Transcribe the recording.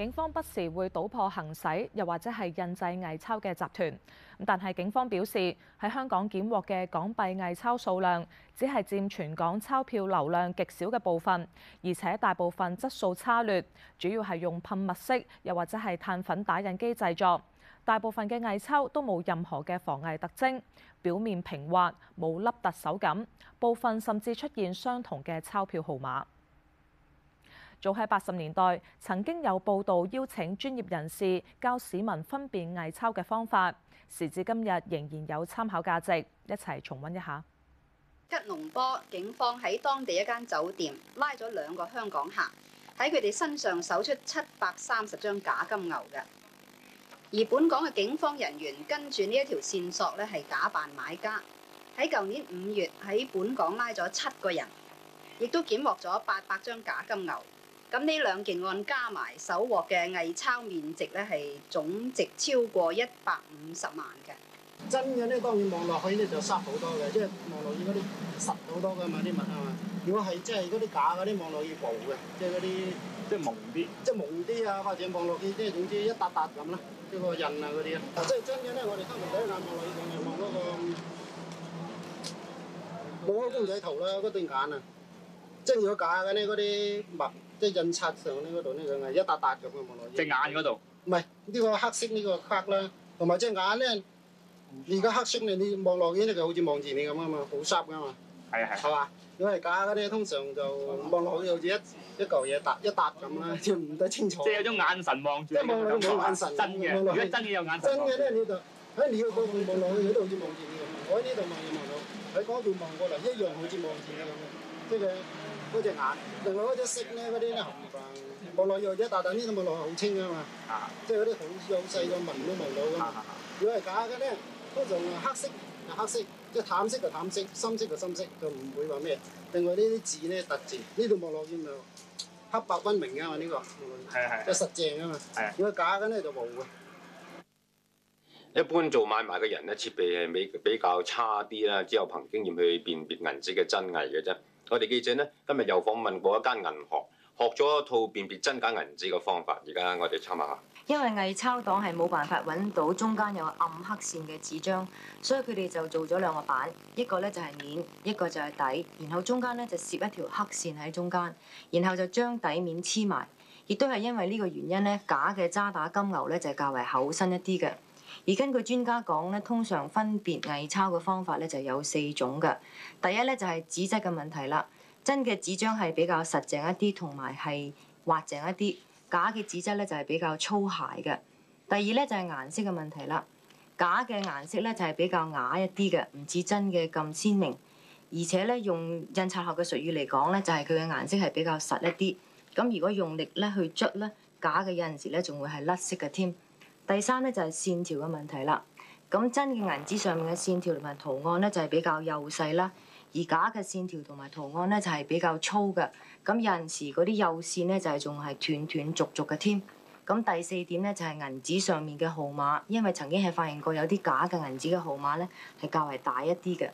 警方不時會搗破行使，又或者係印製偽鈔嘅集團。但係警方表示，喺香港檢獲嘅港幣偽鈔數量，只係佔全港鈔票流量極少嘅部分，而且大部分質素差劣，主要係用噴墨式又或者係碳粉打印機製作。大部分嘅偽鈔都冇任何嘅防偽特徵，表面平滑，冇凹凸手感，部分甚至出現相同嘅鈔票號碼。早喺八十年代，曾經有報道邀請專業人士教市民分辨偽鈔嘅方法，時至今日仍然有參考價值。一齊重溫一下。吉隆坡警方喺當地一間酒店拉咗兩個香港客，喺佢哋身上搜出七百三十張假金牛嘅。而本港嘅警方人員跟住呢一條線索咧，係假扮買家喺舊年五月喺本港拉咗七個人，亦都檢獲咗八百張假金牛。咁呢兩件案加埋，首獲嘅偽鈔面值咧係總值超過一百五十萬嘅。真嘅咧，當然望落去咧就實好多嘅，即係望落去嗰啲實好多㗎嘛啲物啊嘛。如果係即係嗰啲假嗰啲，望落去薄嘅，即係嗰啲即係朦啲，即係朦啲啊，或者望落去即係總之一沓沓咁啦，即係個印啊嗰啲啊。即係真嘅咧，我哋通常睇咧望落去就係望嗰個冇嗰公仔頭啦，嗰對眼啊。即係如果假嘅咧，嗰啲墨即係印刷上咧嗰度咧，就係一笪笪咁樣望落。隻眼嗰度，唔係呢個黑色呢個黑啦，同埋隻眼咧。而家黑色咧，你望落去咧，就好似望住你咁啊嘛，好濕嘅嘛。係啊係。係嘛？如果係假嘅咧，通常就望落去好似一一嚿嘢笪一笪咁啦，就唔得清楚。即係有種眼神望住。一望落去冇眼神。真嘅，如果真嘅有眼神。真嘅咧，你就喺你嗰度望落去，你都好似望住你咁啊！我喺呢度望又望到，喺嗰度望過嚟一樣好似望住你咁。嗰隻嗰隻眼，另外嗰隻色咧嗰啲咧望落肉一大，但呢度望落去好清噶嘛，即係嗰啲好有細個紋都望到咯。如果係假嘅咧，嗰度黑色黑色，即係淡色就淡色，深色就深色，就唔會話咩。另外呢啲字咧特字，呢度望落去嘅，黑白分明噶嘛呢個，係啊係啊，係實淨噶嘛。如果假嘅咧就冇嘅。一般做買賣嘅人咧，設備係比比較差啲啦，只有憑經驗去辨別銀紙嘅真偽嘅啫。我哋記者呢，今日又訪問過一間銀行，學咗一套辨別真假銀紙嘅方法。而家我哋參考下，因為偽鈔黨係冇辦法揾到中間有暗黑線嘅紙張，所以佢哋就做咗兩個板，一個咧就係面，一個就係底，然後中間咧就攝一條黑線喺中間，然後就將底面黐埋。亦都係因為呢個原因咧，假嘅渣打金牛咧就係較為厚身一啲嘅。而根據專家講咧，通常分別偽鈔嘅方法咧就有四種嘅。第一咧就係紙質嘅問題啦，真嘅紙張係比較實淨一啲，同埋係滑淨一啲，假嘅紙質咧就係比較粗糙嘅。第二咧就係顏色嘅問題啦，假嘅顏色咧就係比較啞一啲嘅，唔似真嘅咁鮮明，而且咧用印刷學嘅術語嚟講咧，就係佢嘅顏色係比較實一啲。咁如果用力咧去捽咧，假嘅有陣時咧仲會係甩色嘅添。第三咧就係線條嘅問題啦，咁真嘅銀紙上面嘅線條同埋圖案咧就係比較幼細啦，而假嘅線條同埋圖案咧就係比較粗嘅，咁有陣時嗰啲幼線咧就係仲係斷斷續續嘅添。咁第四點咧就係銀紙上面嘅號碼，因為曾經係發現過有啲假嘅銀紙嘅號碼咧係較為大一啲嘅。